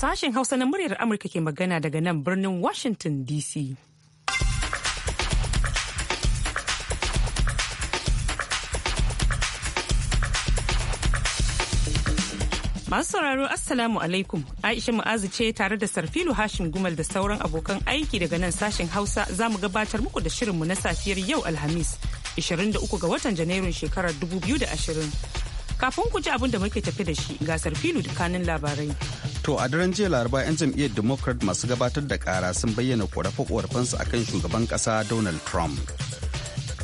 Sashen Hausa na muryar Amurka ke magana daga nan birnin Washington DC. Masu sauraro Assalamu alaikum Aisha Mu'azu ce tare da Sarfilu Hashim Gumal da sauran abokan aiki daga nan sashen Hausa za mu gabatar muku da shirinmu na safiyar yau Alhamis 23 ga watan Janairun shekarar 2020. Kafin ku ji abin da muke tafi da shi gasar filu dukkanin labarai. To a daren jiya laraba 'yan jam'iyyar Democrat masu gabatar da kara sun bayyana korafe a kan shugaban kasa Donald Trump.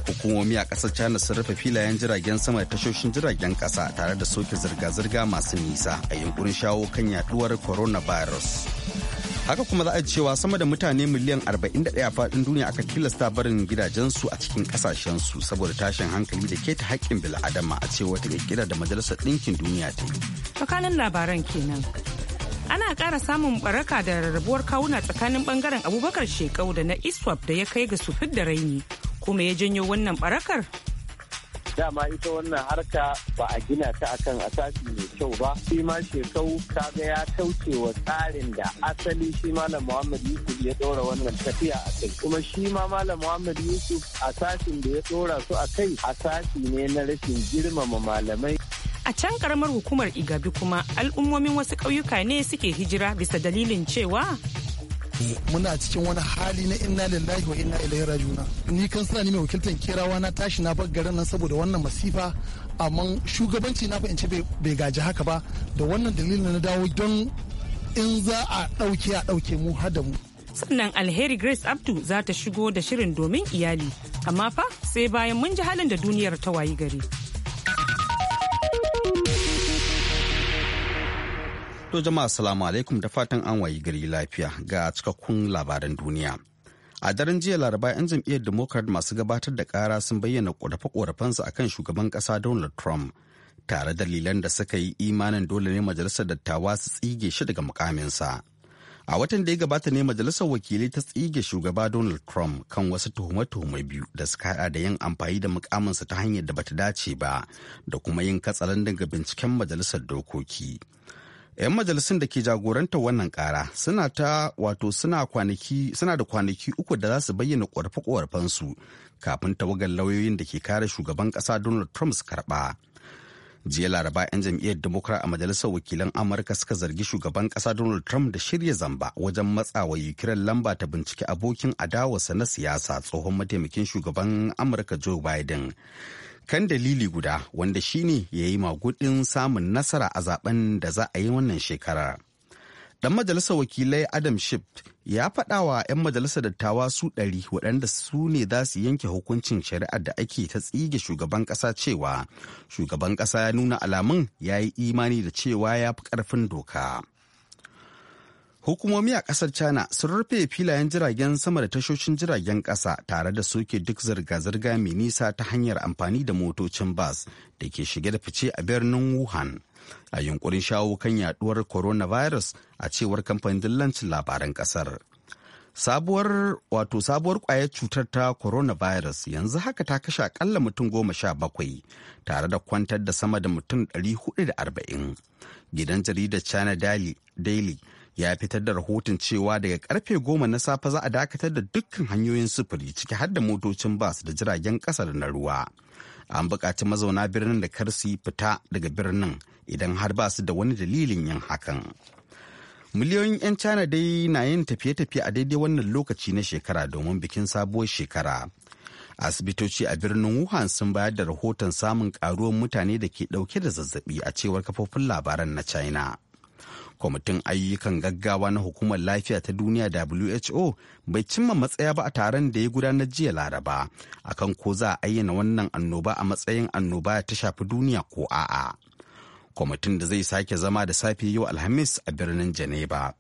Hukumomi a kasar China sun rufe filayen jiragen sama da tashoshin jiragen kasa tare da soke zirga-zirga masu nisa a yunkurin shawo kan yaduwar coronavirus. haka kuma za a cewa sama da mutane miliyan 41 faɗin duniya aka tilasta barin gidajensu a cikin kasashensu saboda tashin hankali da keta haƙƙin bil'adama a cewa ta kirkira da majalisar ɗinkin duniya ta yi. tsakanin labaran kenan ana ƙara samun baraka da rarrabuwar kawuna tsakanin bangaren abubakar shekau da na iswap da ya kai ga sufid da raini kuma ya janyo wannan barakar dama ita wannan harka ba a gina ta akan asasi kyau ba shi ma shekau kaga ya kauce wa tsarin da asali shi malam muhammad yusuf ya ɗora wannan tafiya a kai kuma shi ma malam muhammad yusuf a sashin da ya ɗora su a kai a sashi ne na rashin girmama malamai a can karamar hukumar igabi kuma al'ummomin wasu ƙauyuka ne suke hijira bisa dalilin cewa muna cikin wani hali na inna lillahi wa inna ilaihi rajuna ni kan sani mai wakiltar kerawa na tashi na bar garin nan saboda wannan masifa amma shugabanci na fahimci bai gaji haka ba da wannan dalilin na dawo don in za a ɗauke a ɗauke mu har da mu sannan alheri grace abdu za ta shigo da shirin domin iyali amma fa sai bayan mun ji halin da duniyar ta wayi gari to jama'a salamu alaikum da fatan an wayi gari lafiya ga cikakkun labaran duniya a daren jiya laraba 'yan jam'iyyar democrat masu gabatar da kara sun bayyana korafe su akan shugaban kasa donald trump tare dalilan da suka yi imanin dole ne majalisar dattawa su tsige shi daga mukaminsa a watan da ya gabata ne majalisar wakilai ta tsige shugaba donald trump kan wasu tuhume-tuhume biyu da suka hada da yin amfani da mukaminsa ta hanyar da bata dace ba da kuma yin katsalandan ga binciken majalisar dokoki 'yan majalisun da ke jagorantar wannan kara suna ta wato suna da kwanaki uku da za su bayyana ƙorafe kwarfansu kafin tawagar lauyoyin da ke kare shugaban ƙasa donald trump su karɓa jiya laraba 'yan jam'iyyar democrat a majalisar wakilan amurka suka zargi shugaban ƙasa donald trump da shirya zamba wajen matsawa ukraine lamba ta binciki abokin adawarsa na siyasa tsohon mataimakin shugaban amurka joe biden kan dalili guda wanda shine ya yi magudin samun nasara a zaben da za a yi wannan shekarar. Dan majalisar wakilai Adam Schiff ya faɗa wa 'yan majalisar dattawa su ɗari waɗanda su ne za su yanke hukuncin shari'ar da ake ta tsige shugaban ƙasa cewa shugaban ƙasa ya nuna alamun ya yi imani da cewa ya fi ƙarfin doka. Hukumomi a ƙasar China sun rufe filayen jiragen sama da tashoshin jiragen ƙasa tare da soke duk zirga-zirga mai nisa ta hanyar amfani da motocin bas da ke shige da fice a birnin Wuhan. A yunkurin shawo kan yaduwar coronavirus a cewar kamfanin dillancin labaran ƙasar. Sabuwar wato sabuwar kwayar cutar ta coronavirus yanzu haka ta kashe akalla mutum goma sha bakwai tare da kwantar da sama da mutum ɗari da hudu arba'in, Gidan jaridar China Daily ya fitar da rahoton cewa daga karfe goma na safe za a dakatar da dukkan hanyoyin sufuri ciki har da motocin bas da jiragen kasa da na ruwa an buƙaci mazauna birnin da kar su fita daga birnin idan har ba su da wani dalilin yin hakan miliyoyin 'yan china dai na yin tafiye-tafiye a daidai wannan lokaci na shekara domin bikin sabuwar shekara asibitoci a birnin wuhan sun bayar da rahoton samun karuwar mutane da ke dauke da zazzabi a cewar kafofin labaran na china kwamitin ayyukan gaggawa na hukumar lafiya ta duniya who bai cimma matsaya ba a taron da ya gudanar jiya laraba akan ko za a ayyana wannan annoba a matsayin annoba ta shafi duniya ko a'a kwamitin da zai sake zama da safe yau alhamis a birnin geneva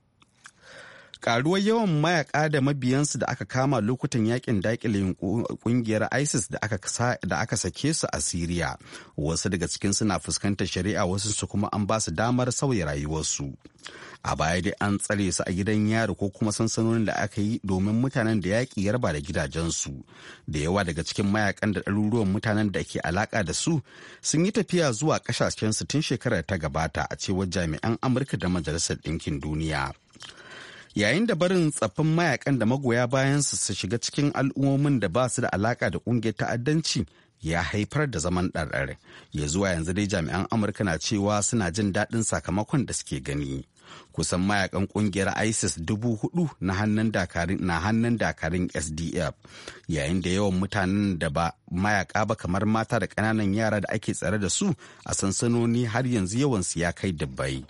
karuwar yawan mayaka da mabiyansu da aka kama lokutan yakin dakile kungiyar isis da aka sake su a siriya wasu daga cikin suna fuskantar shari'a wasu su kuma an ba su damar sauya rayuwarsu a baya dai an tsare su a gidan yari ko kuma sansanonin da aka yi domin mutanen da yaƙi ya raba da gidajensu da yawa daga cikin mayakan da ɗaruruwan mutanen da ke alaƙa da su sun yi tafiya zuwa ƙasashensu tun shekarar ta gabata a cewar jami'an amurka da majalisar ɗinkin duniya yayin da barin tsaffin mayakan da magoya bayansu su shiga cikin al'ummomin da ba su da alaka da kungiyar ta'addanci ya haifar da zaman ɗarɗar ya zuwa yanzu dai jami'an amurka na cewa suna jin daɗin sakamakon da suke gani kusan mayakan kungiyar isis dubu hudu na hannun dakarun na hannun dakarun sdf yayin da yawan mutanen da ba mayaka ba kamar mata da ƙananan yara da ake tsare da su a sansanoni har yanzu yawansu ya kai dubbai.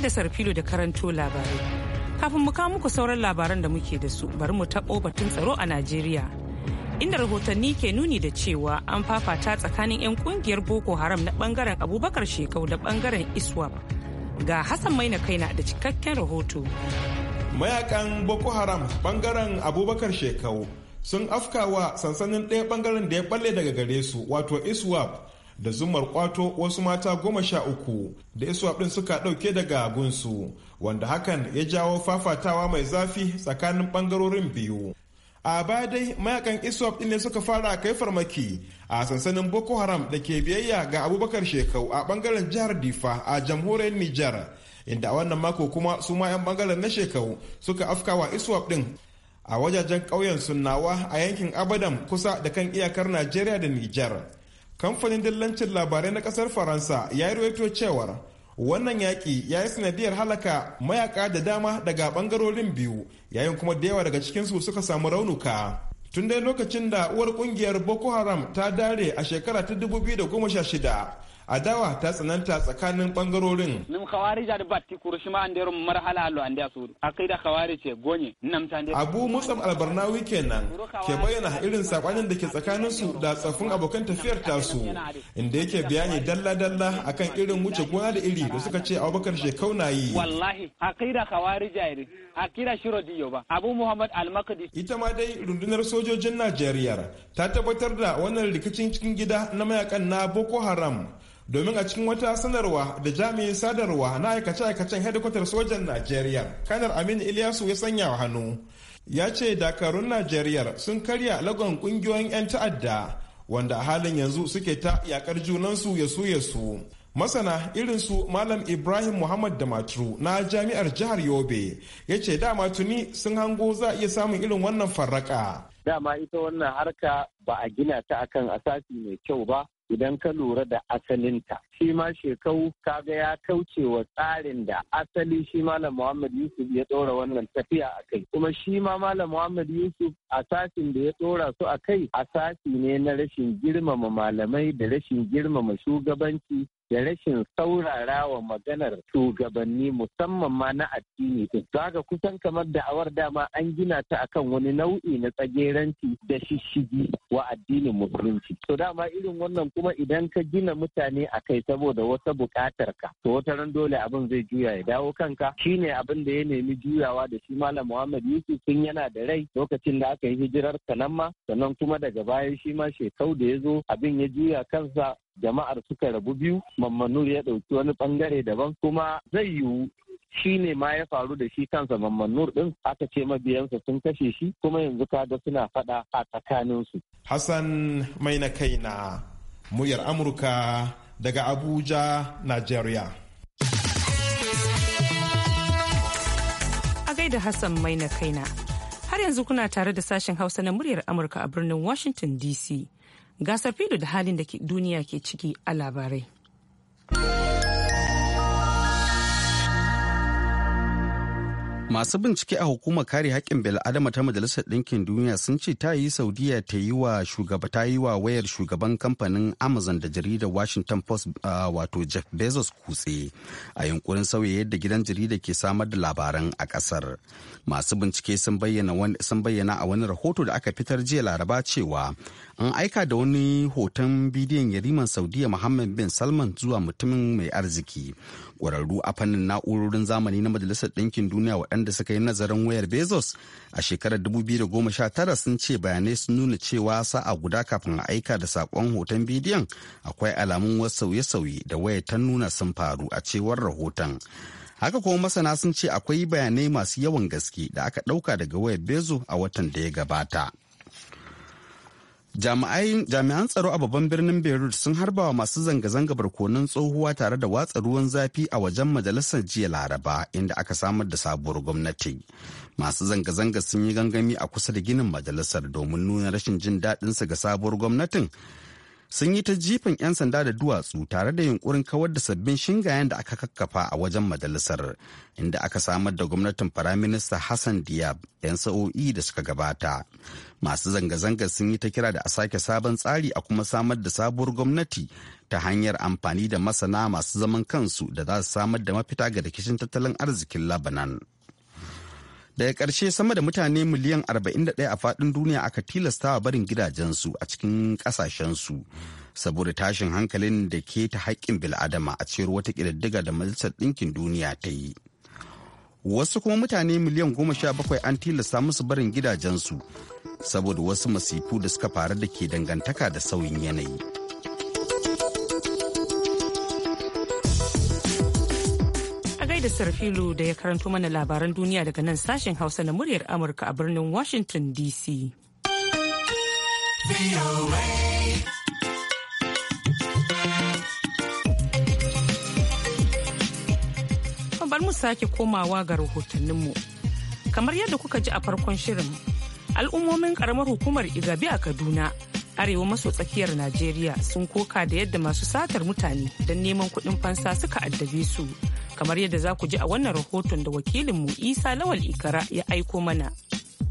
da sarfilo da karanto labarai kafin mu kawo muku sauran labaran da muke da su bari mu taɓo batun tsaro a najeriya inda rahotanni ke nuni da cewa an fafata tsakanin 'yan kungiyar boko haram na bangaren abubakar shekau da bangaren iswap ga hassan maina na da cikakken rahoto mayakan boko haram bangaren abubakar shekau sun afkawa sansanin ɗaya bangaren da ya balle daga gare su wato iswap da zumar kwato wasu mata goma sha uku da iswap ɗin suka ɗauke daga gunsu wanda hakan ya jawo fafatawa mai zafi tsakanin ɓangarorin biyu a baya dai mayakan iswap ɗin ne suka fara kai farmaki a sansanin boko haram da ke biyayya ga abubakar shekau a ɓangaren jihar difa a jamhuriyar nijar inda a wannan mako kuma su ma 'yan ɓangaren na shekau suka afkawa iswap ɗin a wajajen ƙauyen sunnawa a yankin abadam kusa da kan iyakar najeriya da nijar kamfanin dillancin labarai na kasar faransa ya yi rahoto cewar wannan yaƙi ya yi sanadiyar halaka mayaka da dama daga ɓangarorin biyu yayin kuma da yawa daga cikinsu suka samu raunuka tun dai lokacin da uwar ƙungiyar boko haram ta dare a shekara ta 2016 adawa ta tsananta tsakanin bangarorin nim khawarija da batti kurushima an derum marhala allo an Akida khawarije gonye nam tande abu Musam albarnawi kenan ke bayyana irin sakonin da ke tsakanin su da tsafin abokan tafiyar tasu inda yake bayani dalla dalla akan irin wuce gona da iri da suka ce abubakar shekau na yi wallahi akida khawarija akira shiro diyo ba abu muhammad al ita ma dai rundunar sojojin najeriya ta tabbatar da wannan rikicin cikin gida na mayakan na boko haram domin a cikin wata sanarwa da jami'in sadarwa na aikace-aikacen hedikwatar sojan najeriya kanar aminu ilyasu ya sanya wa hannu ya ce dakarun najeriya sun karya lagon kungiyoyin 'yan ta'adda wanda a halin yanzu suke ta yakar junansu ya su ya su masana irin su malam ibrahim muhammad da maturu na jami'ar jihar yobe ya ce dama tuni sun hango za iya samun irin wannan farraka dama ita wannan harka ba a gina ta akan asasi mai kyau ba idan ka lura da asalinta shi ma shekau kaga ya kauce wa tsarin da asali shi malam muhammad yusuf ya ɗora wannan tafiya a kai kuma shi ma malam muhammad yusuf asasin da ya ɗora su a kai asasi ne na rashin girmama malamai da rashin girmama shugabanci da rashin saurara wa maganar shugabanni musamman ma na addini din. Zaga kusan kamar da awar dama an gina ta akan wani nau'i na tsageranci da shishigi wa addinin musulunci. To dama irin wannan kuma idan ka gina mutane a kai saboda wata buƙatar ka to wata ran dole abin zai juya ya dawo kanka shine abin da ya nemi juyawa da shi malam Muhammad Yusuf tun yana da rai lokacin da aka yi hijirar ma sannan kuma daga baya shi ma shekau da ya zo abin ya juya kansa jama'ar suka rabu biyu mammanur ya ɗauki wani bangare daban kuma zai yiwu shi ne ma ya faru da shi kansa Mamman Nur din aka ce mabiyansa sun kashe shi kuma yanzu kaga suna fada a tsakaninsu. Hassan mai na kai na muryar Amurka daga Abuja, Najeriya. A gaida Hassan mai na kaina. Har yanzu kuna tare da sashen Hausa na muryar Amurka a birnin Washington DC. Gasar filo da halin da duniya ke ciki a labarai. Masu bincike a hukumar kare haƙƙin bil'adama ta Majalisar Ɗinkin Duniya sun ce ta yi Saudiya ta yi wa shugaba wa wayar shugaban kamfanin Amazon da jaridar Washington Post wato Jeff Bezos kutse a yunkurin sauya yadda gidan jarida ke samar da labaran a ƙasar. Masu bincike sun bayyana a wani rahoto da aka fitar jiya Laraba cewa an aika da wani hoton bidiyon yariman saudiya muhammad bin salman zuwa mutumin mai arziki ƙwararru a fannin na'urorin zamani na majalisar ɗinkin duniya waɗanda suka yi nazarin wayar bezos a shekarar 2019 sun ce bayanai sun nuna cewa sa'a guda kafin a aika da saƙon hoton bidiyon akwai alamun wasu sauye-sauye da wayar ta nuna sun faru a cewar rahoton haka kuma masana sun ce akwai bayanai masu yawan gaske da aka ɗauka daga wayar bezo a watan da ya gabata. Jami'an tsaro a babban birnin Beirut sun harba wa masu zanga-zanga barkonon tsohuwa tare da watsa ruwan zafi a wajen majalisar jiya Laraba inda aka samar da sabuwar gwamnati. Masu zanga-zanga sun yi gangami a kusa da ginin majalisar domin nuna rashin jin daɗinsu ga sabuwar gwamnatin sun yi ta jifan 'yan sanda da duwatsu tare da yunkurin kawar da sabbin shingayen da aka kakkafa a wajen majalisar inda aka samar da gwamnatin firaminista hassan diab 'yan sa'o'i da suka gabata masu zanga-zangar sun yi ta kira da a sake sabon tsari a kuma samar da sabuwar gwamnati ta hanyar amfani da masana masu zaman kansu da za su samar da mafita ga rikicin tattalin arzikin labanan. daga ƙarshe sama da mutane miliyan 41 a faɗin duniya aka tilasta barin gidajensu a cikin ƙasashensu saboda tashin hankalin da ke ta haƙƙin bil'adama a cewar wata ƙididdiga da majalisar ɗinkin duniya ta yi wasu kuma mutane miliyan goma sha bakwai an tilasta musu barin gidajensu saboda wasu masifu da suka faru da ke dangantaka da sauyin yanayi. da sarfilu da ya karanto mana labaran duniya daga nan sashen hausa na muryar amurka a birnin washington dc bar mu sake komawa ga rahotanninmu kamar yadda kuka ji a farkon shirin al'ummomin karamar hukumar igabi a kaduna arewa maso tsakiyar najeriya sun koka da yadda masu satar mutane don neman kudin fansa suka addabe su kamar yadda za ku ji a wannan rahoton da wakilinmu isa lawal ikara ya aiko mana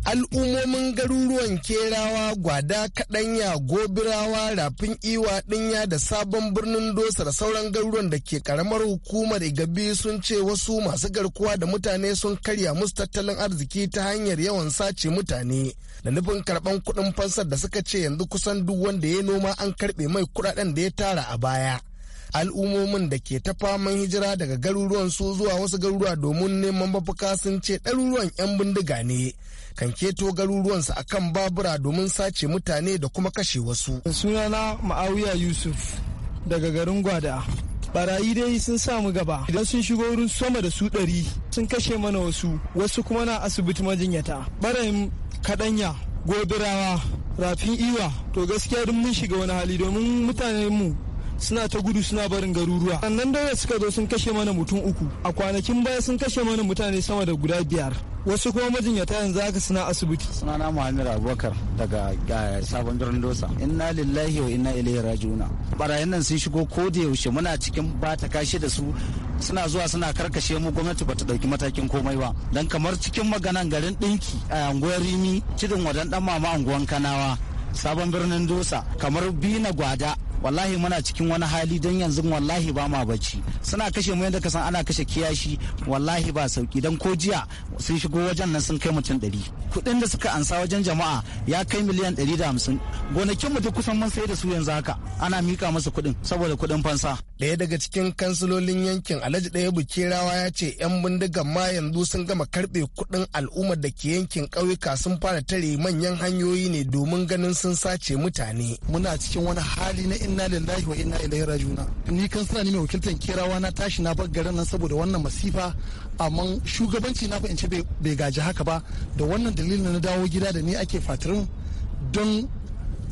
al'ummomin garuruwan kerawa gwada kaɗanya gobirawa rafin iwa ɗinya da sabon birnin dosa da sauran garuruwan da ke karamar hukumar igabi sun ce wasu masu garkuwa da mutane sun karya musu tattalin arziki ta hanyar yawan sace mutane da nufin karɓan kuɗin fansar da suka ce yanzu kusan duk wanda ya noma an karɓe mai kuɗaɗen da ya tara a baya al'ummomin da ke ta faman hijira daga garuruwan su zuwa wasu garuruwa domin neman mafaka sun ce ɗaruruwan 'yan bindiga ne kan keto garuruwansu akan babura domin sace mutane da kuma kashe wasu. sunana ma'awiya yusuf daga garin gwada barayi dai sun samu gaba idan sun shigo wurin sama da su ɗari sun kashe mana wasu wasu kuma na asibiti majinyata barayin kaɗanya gobirawa rafin iwa to gaskiya duk mun shiga wani hali domin mutanen mu suna ta gudu suna barin garuruwa sannan da suka zo sun kashe mana mutum uku a kwanakin baya sun kashe mana mutane sama da guda biyar wasu kuma majinyata yanzu haka suna asibiti sunana muhammad abubakar daga eh, sabon birnin dosa inna lillahi wa inna ilaihi rajiuna barayin nan sun shigo ko da yaushe muna cikin ba ta kashe da su suna zuwa suna karkashe mu gwamnati bata dauki matakin komai ba dan kamar cikin maganan garin dinki a anguwar rimi cidin wadan dan mama anguwan kanawa sabon birnin dosa kamar bina gwada wallahi muna cikin wani hali don yanzu wallahi ba ma bacci suna kashe mu yadda san ana kashe kiyashi wallahi ba sauki don ko jiya sun shigo wajen nan sun kai mutum ɗari kuɗin da suka ansa wajen jama'a ya kai miliyan ɗari da hamsin gonakin mu duk kusan mun sai da su yanzu haka ana mika masa kuɗin saboda kuɗin fansa ɗaya daga cikin kansilolin yankin alhaji ɗaya bukerawa ya ce 'yan bindigan ma yanzu sun gama karɓe kuɗin al'ummar da ke yankin kauyuka sun fara tare manyan hanyoyi ne domin ganin sun sace mutane muna cikin wani hali na inna lillahi wa inna ilaihi rajuna ni kansila ne mai wakiltar kerawa na tashi na bar garin nan saboda wannan masifa amma shugabanci na fa in ce bai gaji haka ba da wannan dalilin na dawo gida da ni ake fatirin don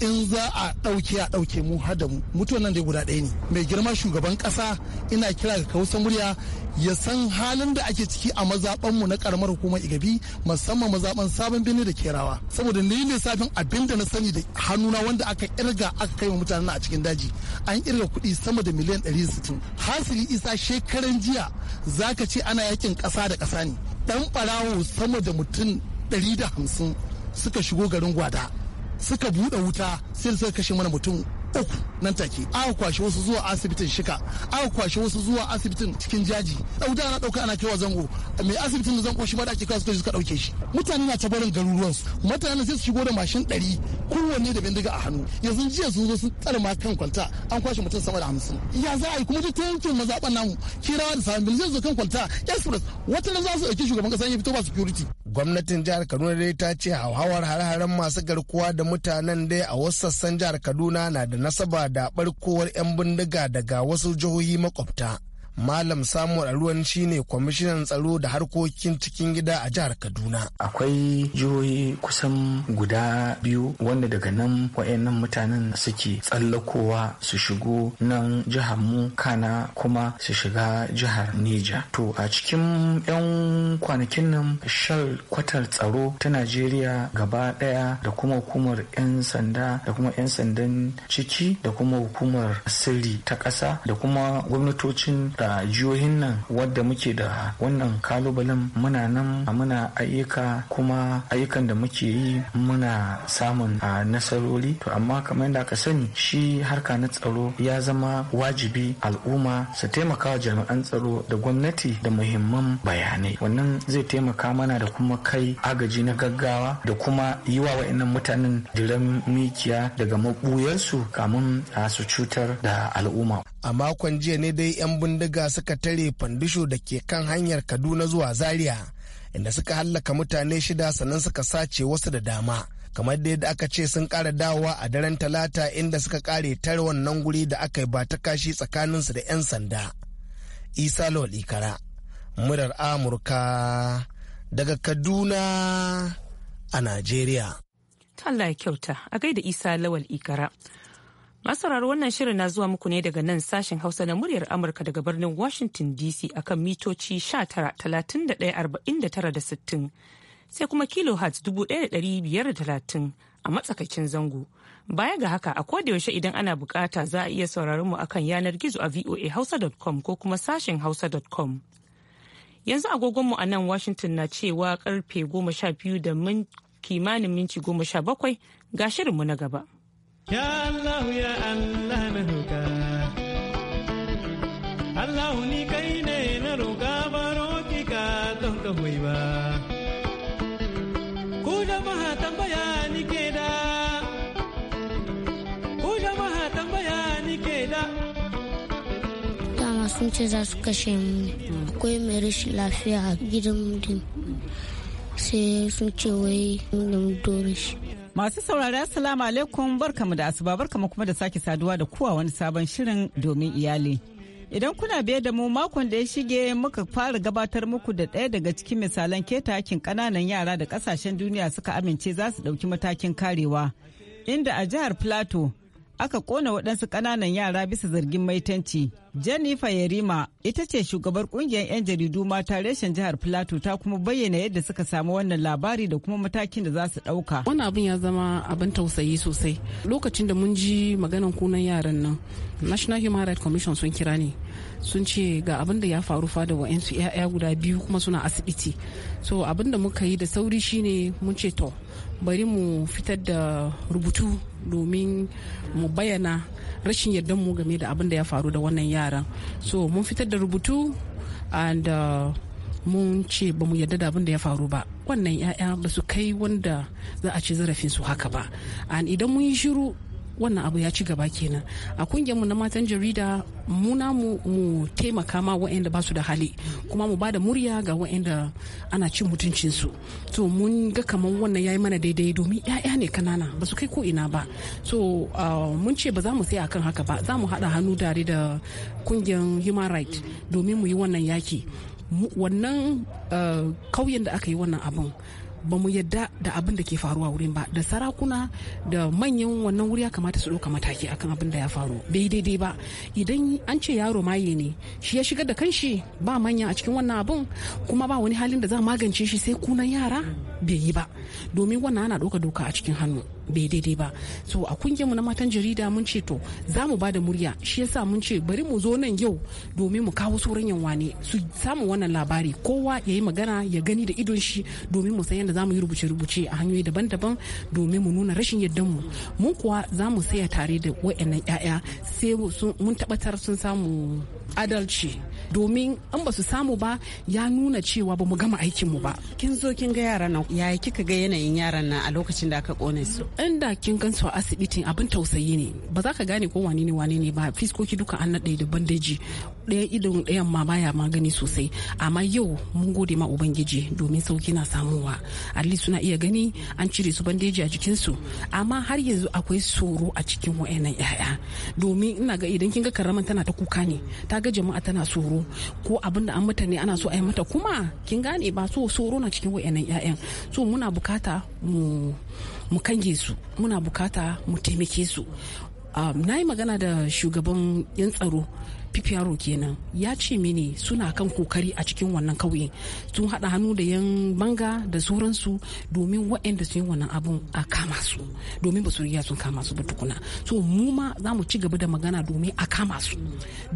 in za a ɗauke a ɗauke mu har da mu mutuwan nan dai guda ɗaya ne mai girma shugaban ƙasa ina kira ga kausan murya ya san halin da ake ciki a mazaɓanmu na ƙaramar hukumar igabi musamman mazaɓan sabon birni da kerawa saboda ni safin abin da na sani da hannuna wanda aka irga aka kai wa mutanen a cikin daji an irga kuɗi sama da miliyan ɗari sittin hasili isa shekaran jiya zaka ce ana yakin ƙasa da ƙasa ne Ɗan ɓarawo sama da mutum ɗari da hamsin suka shigo garin gwada suka buɗe wuta sai suka kashe mana mutum uku nan take aka kwashi wasu zuwa asibitin shika aka kwashi wasu zuwa asibitin cikin jaji dauda na dauka ana kaiwa zango mai asibitin da zango shi ma da ake kawo ka dauke shi mutane na ta barin su mutane sai su shigo da mashin dari kowanne da bindiga a hannu yanzu jiya sun zo sun tsare ma kan kwalta an kwashe mutum sama da hamsin ya za a yi kuma duk ta yankin mazaɓan namu kirawa da sami zai zo kan kwalta express wata za su ɗauki shugaban ƙasa ya fito ba security gwamnatin jihar kaduna dai ta ce hauhawar hare-haren masu garkuwa da mutanen dai a wasu sassan jihar kaduna na da nasaba da barkowar 'yan bindiga daga wasu jihohi makwabta Malam Samuel Aruwan shine kwamishinan tsaro da harkokin cikin gida a jihar Kaduna. Akwai jihohi kusan guda biyu wanda daga nan wa'annan mutanen suke tsallakowa su shigo nan jihar mu kana kuma su shiga jihar Neja. To a cikin 'yan kwanakin nan shal kwatar tsaro ta Najeriya gaba daya da kuma hukumar 'yan sanda da kuma 'yan sandan ciki da kuma hukumar sirri ta ƙasa da kuma gwamnatocin da jihohin nan wadda muke da wannan kalubalen muna nan a muna ayyuka kuma ayyukan da muke yi muna samun a nasarori to amma kamar yadda aka sani shi harka na tsaro ya zama wajibi al'umma su taimaka wa jami'an tsaro da gwamnati da muhimman bayanai wannan zai taimaka mana da kuma kai agaji na gaggawa da kuma yi wa wa'annan mutanen diran mikiya daga mabuyarsu kamun su cutar da al'umma a makon jiya ne dai 'yan bindiga suka tare fandisho da ke kan hanyar kaduna zuwa zaria inda suka hallaka mutane shida sannan suka sace wasu da dama kamar dai da aka ce sun kara dawowa a daren talata inda suka kare tare wannan guri da aka yi ba ta kashi tsakaninsu da 'yan sanda isa lawal ikara murar amurka daga kaduna a najeriya Allah ya kyauta a gaida isa lawal ikara masarar wannan shirin na zuwa muku ne daga nan sashen Hausa na muryar Amurka daga birnin Washington DC akan mitoci 19,31,49 da sittin sai kuma kilohertz 1,530 a matsakaicin zango. Baya ga haka a kodayaushe idan ana bukata za a iya sauraron mu akan yanar gizo a voahausa.com ko kuma sashen hausa.com. Yanzu agogonmu a nan Washington na cewa karfe 12 da kimanin minti 17 ga shirinmu na gaba. Ya Allah ya Allah na roka Allah ni kai ne na roka baro ki ka don ka hoyi ba Ku jama'a tambaya ni ke da Ku jama'a tambaya ni ke da Dama sun ce za su kashe mu akwai mai rashin lafiya a gidan mutum sai sun ce wai da mu dore shi Masu saurari Assalamu alaikum barkamu da asuba barkamu kuma da sake saduwa da kuwa wani sabon shirin domin iyali. Idan kuna biye da mu makon da ya shige muka fara gabatar muku da ɗaya daga cikin misalan keta hakin ƙananan yara da ƙasashen duniya suka amince za su ɗauki matakin karewa. Inda a jihar Plateau aka ƙona waɗansu ƙananan yara bisa zargin maitanci. Jennifer Yerima ita ce shugabar kungiyar 'yan jaridu mata reshen jihar Plateau ta kuma bayyana yadda suka samu wannan labari da kuma matakin da za su ɗauka. Wannan abin ya zama abin tausayi sosai. Lokacin da mun ji maganan kunan yaran nan, National Human Rights Commission sun kira ne Sun ce ga abin da ya faru fa da wa'yansu 'ya'ya guda biyu kuma suna asibiti. So abin da muka yi da sauri shine mun ce to bari mu fitar da rubutu domin mu bayyana rashin yardan mu game da abin da ya faru da wannan yaran. yaran so mun fitar da rubutu and uh, mun ce ba mu yarda da abin da ya faru ba wannan 'ya'ya ba su kai wanda za a ci zarafin su haka ba and idan mun yi shiru wannan abu ya ci gaba kenan a kungiyar mu na matan jarida muna mu mu taimaka ma waɗanda ba su da hali kuma mu bada murya ga waɗanda ana cin mutuncin su to mun ga kamar wannan yayi mana daidai domin ya'ya ne kanana ba su kai ko ina ba so mun ce ba za mu tsaya akan haka ba za mu haɗa hannu tare da kungiyar human right domin mu yi wannan yaki wannan kauyen da aka yi wannan abun ba mu yadda da abin da ke faruwa wurin ba da sarakuna da manyan wannan wuri ya kamata su ɗauka mataki akan abin da ya faru bai daidai ba idan an ce yaro maye ne shi ya shigar da kanshi ba manya a cikin wannan abun kuma ba wani halin da za magance shi sai kunan yara bai yi ba domin wannan ana ɗauka doka a cikin hannu bai daidai ba so a kungiyar mu na matan jarida mun ce to za mu ba da murya shi yasa mun ce bari mu zo nan yau domin mu kawo sauran yanwa ne su samu wannan labari kowa ya yi magana ya gani da idon shi domin mu san yadda za mu yi rubuce-rubuce a hanyoyi daban-daban domin mu nuna rashin yardan mu mun kuwa za mu saya tare da wayannan 'ya'ya sai mun tabbatar sun samu adalci domin an ba su samu ba ya nuna cewa ba mu gama aikin mu ba kin zo kin ga yaran nan ya kika ga yanayin yaran nan a lokacin da aka kone su da kin gan su a asibitin abin tausayi ne ba za ka gane ko wane ne wane ne ba fiskoki duka an naɗe da bandeji ɗaya idon ɗayan ma baya magani sosai amma yau mun gode ma ubangiji domin sauki na samuwa alli suna iya gani an cire su bandeji a jikinsu amma har yanzu akwai tsoro a cikin wa'annan yaya domin ina ga idan kin ga karaman tana ta kuka ne ta ga jama'a tana soro ko abin da an mata ne ana so a yi mata kuma kin gane ba so tsoro na cikin wa'annan yayan so muna bukata mu mu kange su muna bukata mu taimake su um, na yi magana da shugaban 'yan tsaro fifiyaro kenan ya ce mini suna kan kokari a cikin wannan kauye sun haɗa hannu da yan banga da sauransu domin waɗanda sun yi wannan abun a kama su domin ba su riya sun kama su ba tukuna so mu ma za mu ci gaba da magana domin a kama su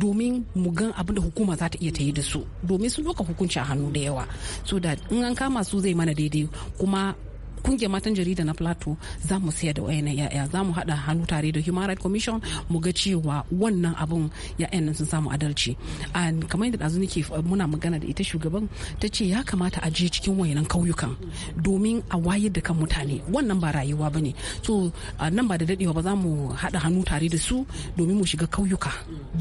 domin mu gan abin da hukuma za ta iya ta yi da su domin sun doka hukunci a hannu da yawa so da in an kama su zai mana daidai kuma kungiyar matan jarida na plateau za mu sayar da wayan yaya za mu haɗa hannu tare da human rights commission mu ga cewa wannan abun yayan nan sun samu adalci kamar yadda ɗazu nake uh, muna magana da ita shugaban ta ce ya kamata a je cikin wayanan kauyukan domin a wayar da kan mutane wannan ba rayuwa ba ne so uh, nan ba da daɗewa ba za mu haɗa hannu tare da su domin mu shiga kauyuka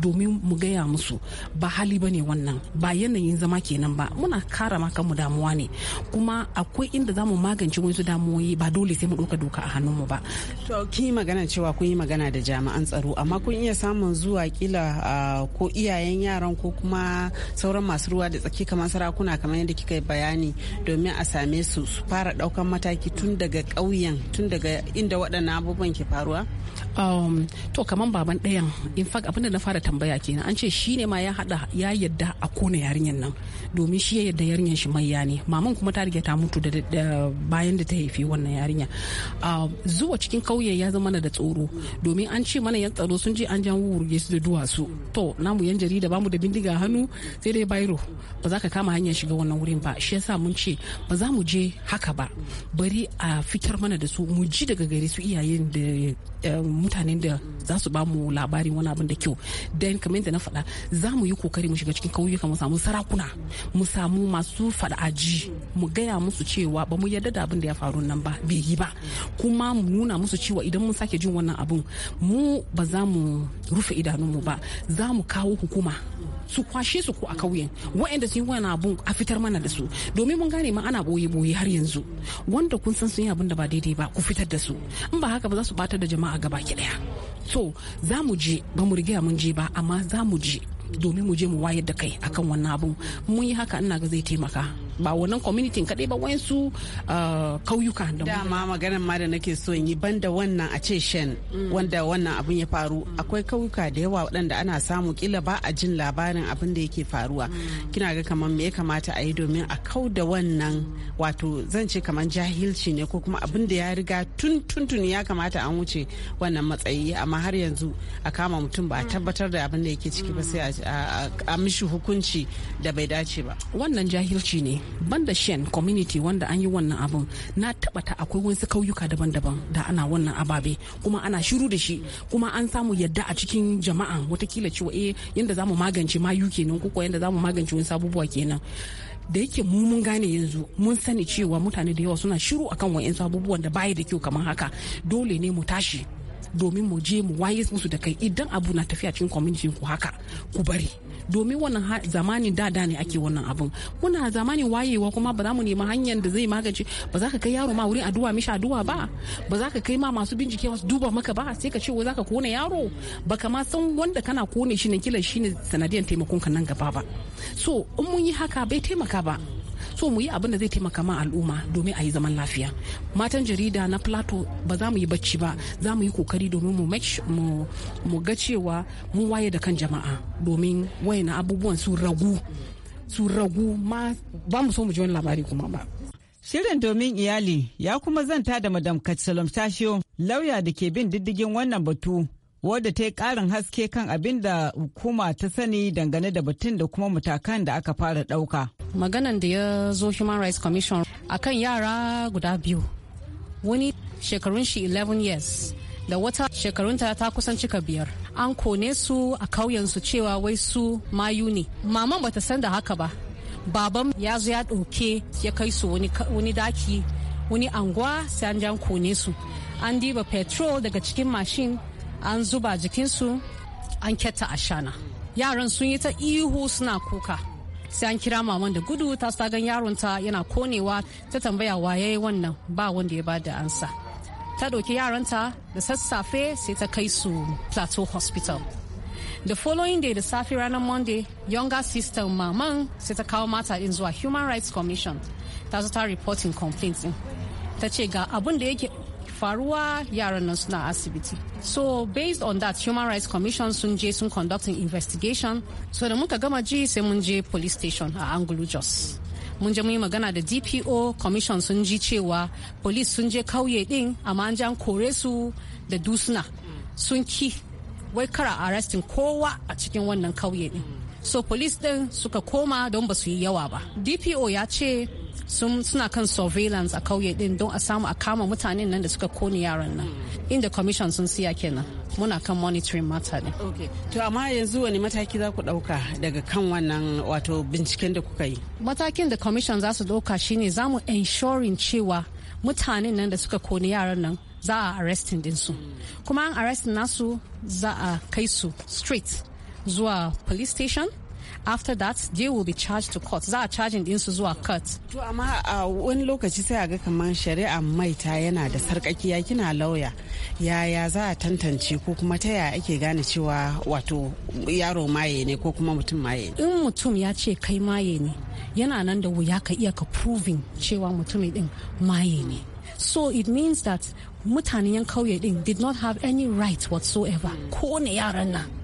domin mu gaya musu ba hali ba ne wannan ba yanayin zama kenan ba muna kara ma kanmu damuwa ne kuma akwai inda za mu magance wani damuwoyi ba dole sai mu ɗauka doka a hannunmu ba. To yi magana cewa kun yi magana da jami'an tsaro amma kun iya samun zuwa kila ko iyayen yaran ko kuma sauran masu ruwa da tsaki kamar sarakuna kamar yadda kika yi bayani domin a same su su fara ɗaukan mataki tun daga ƙauyen tun daga inda waɗannan abubuwan ke faruwa. Um, to kaman baban ɗayan in fact abin da na fara tambaya kenan an ce shi ne ma ya hada ya yadda a kona yarinyar nan domin shi ya yadda yarinyar shi ya ne maman kuma ta rige ta mutu da bayan da ta haifi wannan yarinya um, zuwa cikin kauye ya zama da tsoro domin an ce mana yan tsaro sun je an jan wurge su da duwatsu to namu yan jarida bamu da bindiga hannu sai dai bairo ba za ka kama hanyar shiga wannan wurin ba shi yasa mun ce ba za mu je haka ba bari a fitar mana da su mu ji daga gari su iyayen da eh, mutanen da za su ba mu labarin wani abin da kyau dan kamar yadda na faɗa za mu yi kokari mu shiga cikin kauyuka mu samu sarakuna mu samu masu fada'aji mu gaya musu cewa ba mu yarda da abin da ya faru nan ba bai yi ba kuma mu nuna musu cewa idan mun sake jin wannan abin mu ba za mu rufe idanunmu ba za mu kawo hukuma su kwashe su ko a kauyen wa'anda sun yi wani abun a fitar mana da su domin mun gane ma ana boye boye har yanzu wanda kun san sun yi abun da ba daidai ba ku fitar da su in ba haka ba za su batar da jama'a gaba ki daya so za mu je ba mu riga mun je ba amma za mu je domin mu je mu wayar da kai akan wannan abun mun yi haka ina ga zai taimaka ba wannan community kaɗai ba wayansu ah, kauyuka da dama maganar ma da nake so in yi banda wannan a ce shen mm. wanda wannan abun ya faru mm. akwai kauyuka da yawa waɗanda ana samu kila ba a jin labarin abin da yake faruwa mm. kina ga kamar me ya kamata a yi domin a kau da wannan wato zan ce kamar jahilci ne ko kuma abin da ya riga tun tun tun ya kamata an wuce wannan matsayi amma har yanzu a kama mutum ba a tabbatar da abin da yake ciki ba sai a a mishi hukunci da bai dace ba wannan jahilci ne banda shen community wanda an yi wannan abun na tabbata akwai wasu kauyuka daban-daban da ana wannan ababe kuma ana shiru da shi kuma an samu yadda a cikin jama'a watakila cewa eh yanda zamu magance ma mayu nan ko yanda zamu magance wani sabubuwa kenan da yake mu mun gane yanzu mun sani cewa mutane da yawa suna shiru akan wa'in sabubuwan da baya da kyau kamar haka dole ne mu tashi domin mu je mu waye musu da kai idan abu na tafiya cikin community ku haka ku bari domin wannan zamanin dada ne ake wannan abun muna zamanin wayewa kuma ba za mu nemi hanyar da zai magance ba za ka kai yaro ma wurin addu'a mishi addu'a ba ba za ka kai ma masu bincike wasu duba maka ba sai ka ce wai za ka kone yaro ba ka ma san wanda kana kone shi ne kila shi ne sanadiyar taimakon ka nan gaba ba so in mun yi haka bai taimaka ba so mu yi abin da zai taimaka ma al'umma domin a yi zaman lafiya matan jarida na plato ba za mu yi bacci ba za mu yi kokari domin mu mu ga cewa mu waye da kan jama'a domin na abubuwan su ragu su ragu ma ba mu so mu ji wani labari kuma ba Shirin domin iyali ya kuma zanta da Madam Katsalom Tashiyo lauya da ke bin diddigin wannan batu wadda ta yi ƙarin haske kan abin da hukuma ta sani dangane da batun da kuma matakan da aka fara ɗauka. Maganan da ya zo Human Rights Commission akan yara guda biyu. Wani shekarun shi 11 years da wata shekarunta ta kusan cika biyar. An kone su a kauyen su cewa wai su mayu ne. Maman bata san da haka ba. Baban ya zo ya ɗauke ya kai su wani daki wani anguwa sai an jan kone su. An diba petrol daga cikin mashin an zuba jikinsu an kyatta ashana yaran sun yi ta ihu suna kuka sai an kira maman da gudu ta sagan gan yaronta yana konewa ta tambaya waye wannan ba wanda ya bada ansa ta ɗauki yaranta da sassafe sai ta kai su plateau hospital the following day da safi ranar monday younger sister maman sai ta kawo mata din zuwa human rights commission ta zo ta reporting complaint ta ce ga abin da yake faruwa yaran nan suna asibiti so based on that human rights commission sun je sun conducting investigation so da muka gama ji sai mun je police station a angulu jos mun je mun yi magana da dpo commission sun ji cewa police sun je kauye din amma an jan kore su da dusuna sun ki wai kara arresting kowa a cikin wannan kauye din so police din suka koma don ba su yi yawa ba dpo ya ce suna kan surveillance a kauye din don a samu a kama mutanen nan da suka kone yaran nan hmm. inda commission sun siya kenan muna kan monitoring matter ne okay. to amma yanzu wani mataki za ku dauka daga kan wannan wato binciken da kuka yi matakin da commission za su dauka shine za mu ensuring cewa mutanen nan da suka kone yaran nan za a arrestin su hmm. kuma an arrestin nasu za a kai su straight zuwa police station after that they will be charged to court za a charging din su zuwa court to amma a wani lokaci sai a ga kamar shari'a maita yana da sarkakiya kina lauya yaya za a tantance ko kuma ta yaya ake gane cewa wato yaro maye ne ko kuma mutum maye ne in mutum ya ce kai maye ne yana nan da wuya ka iya ka proving cewa mutumin din maye ne so it means that mutanen yan kauye din did not have any right whatsoever kone yaran nan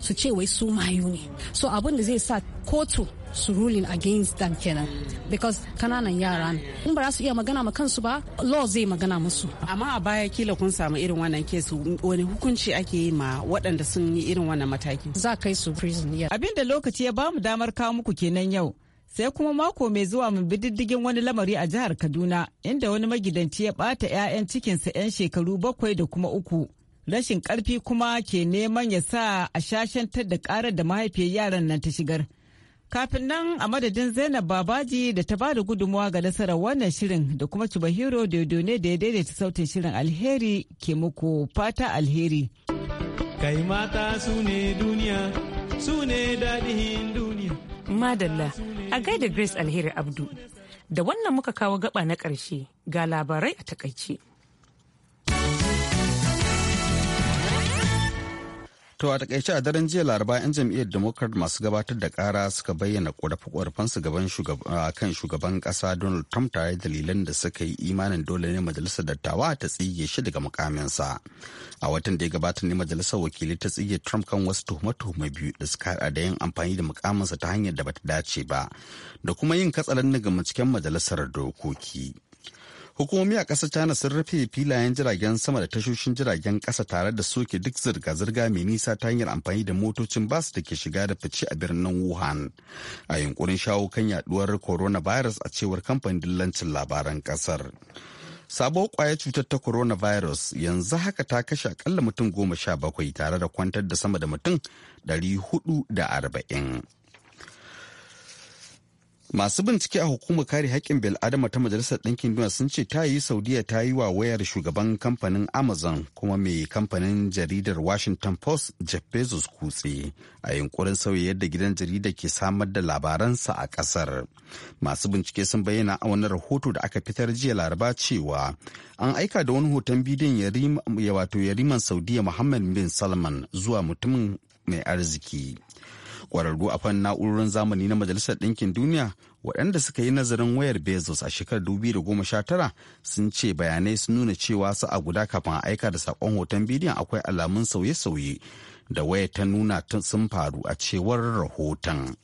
su ce wai su mayu ne so abin da zai sa kotu su ruling against them kenan because kananan yara ne in ba za su iya magana ma kansu ba law zai magana musu amma a baya kila kun samu irin wannan kesu wani hukunci ake yi ma waɗanda sun yi irin wannan mataki za kai su prison yes. abin da lokaci ya ba mu damar kawo muku kenan yau sai kuma mako mai zuwa mu bi diddigin wani lamari a jihar kaduna inda wani magidanci ya ɓata 'ya'yan cikinsa 'yan shekaru bakwai da kuma uku rashin karfi kuma ke neman ya sa a shashantar da karar da mahaifiyar yaran nan ta shigar. Kafin nan a madadin Zainab Babaji da ta ba da gudunmawa ga nasarar wannan shirin da kuma Chubahiro ne da ya daidaita sautin shirin alheri ke muku fata alheri. Kai mata su ne duniya, su ne daɗin duniya. Madalla, a gaida Grace Alheri Abdu. Da wannan muka kawo gaba na ƙarshe ga labarai a takaice. To a takaice a daren jiya laraba 'yan jam'iyyar Democrat masu gabatar da kara suka bayyana ƙorafe-ƙorafensu kan shugaban ƙasa Donald Trump tare da dalilan da suka yi imanin dole ne majalisar dattawa ta tsige shi daga mukaminsa. A watan da ya gabata ne majalisar wakili ta tsige Trump kan wasu tuhume-tuhume biyu da suka haɗa da yin amfani da mukaminsa ta hanyar da bata dace ba da kuma yin katsalan ga cikin majalisar dokoki. Hukumomi a ƙasar China sun rufe filayen jiragen sama da tashoshin jiragen ƙasa tare da soke duk zirga-zirga mai nisa ta hanyar amfani da motocin bas da ke shiga da fice a birnin Wuhan. A yunkurin shawo kan yaduwar coronavirus a cewar kamfanin dillancin labaran ƙasar. Sabo kwaya cutar ta coronavirus yanzu haka ta kashe akalla mutum goma sha bakwai tare da kwantar da sama da mutum ɗari hudu da arba'in. masu bincike a hukumar kare haƙƙin bil'adama ta majalisar ɗinkin duniya sun ce ta yi saudiya ta yi wa wayar shugaban kamfanin amazon kuma mai kamfanin jaridar washington post jeff bezos kutse a yunkurin sauya yadda gidan jarida ke samar da labaransa a ƙasar masu bincike sun bayyana a wani rahoto da aka fitar jiya laraba cewa an aika da wani hoton bidiyon ya wato yariman saudiya muhammad bin salman zuwa mutumin mai arziki kwararru a fan na'urorin zamani na majalisar ɗinkin duniya waɗanda suka yi nazarin wayar bezos a shekarar 2019 sun ce bayanai sun nuna cewa su a guda kafin a aika da saƙon hoton bidiyon akwai alamun sauye-sauye da wayar ta nuna sun faru a cewar rahoton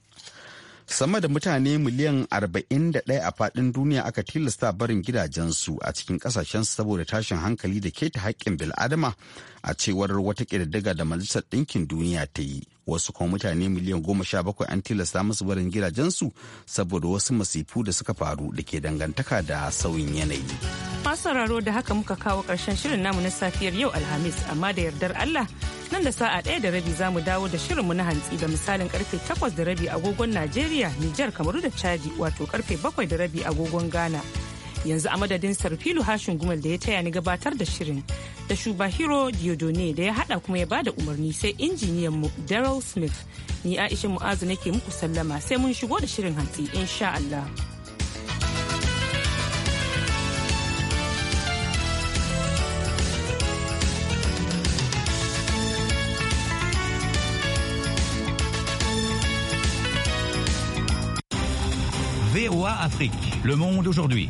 sama da mutane miliyan 41 a faɗin duniya aka tilasta barin gidajensu a cikin ƙasashensu saboda tashin hankali da keta haƙƙin bil'adama a cewar wata ƙididdiga da majalisar ɗinkin duniya ta yi wasu kuma mutane miliyan goma sha bakwai an tilasta musu barin gidajensu saboda wasu masifu da suka faru da ke dangantaka da sauyin yanayi. masu sauraro da haka muka kawo ƙarshen shirin namu na safiyar yau alhamis amma da yardar allah nan da sa'a ɗaya da rabi za mu dawo da shirinmu na hantsi da misalin karfe takwas da rabi agogon najeriya nijar kamaru da chadi wato karfe bakwai da rabi agogon ghana yanzu a madadin sarfilu hashin gumal da ya taya ni gabatar da shirin da shuba hero diodone da ya hada kuma ya bada umarni sai injiniyan mu daryl smith ni aisha mu'azu nake muku sallama sai mun shigo da shirin hantsi insha allah VOA Afrique. Le monde aujourd'hui.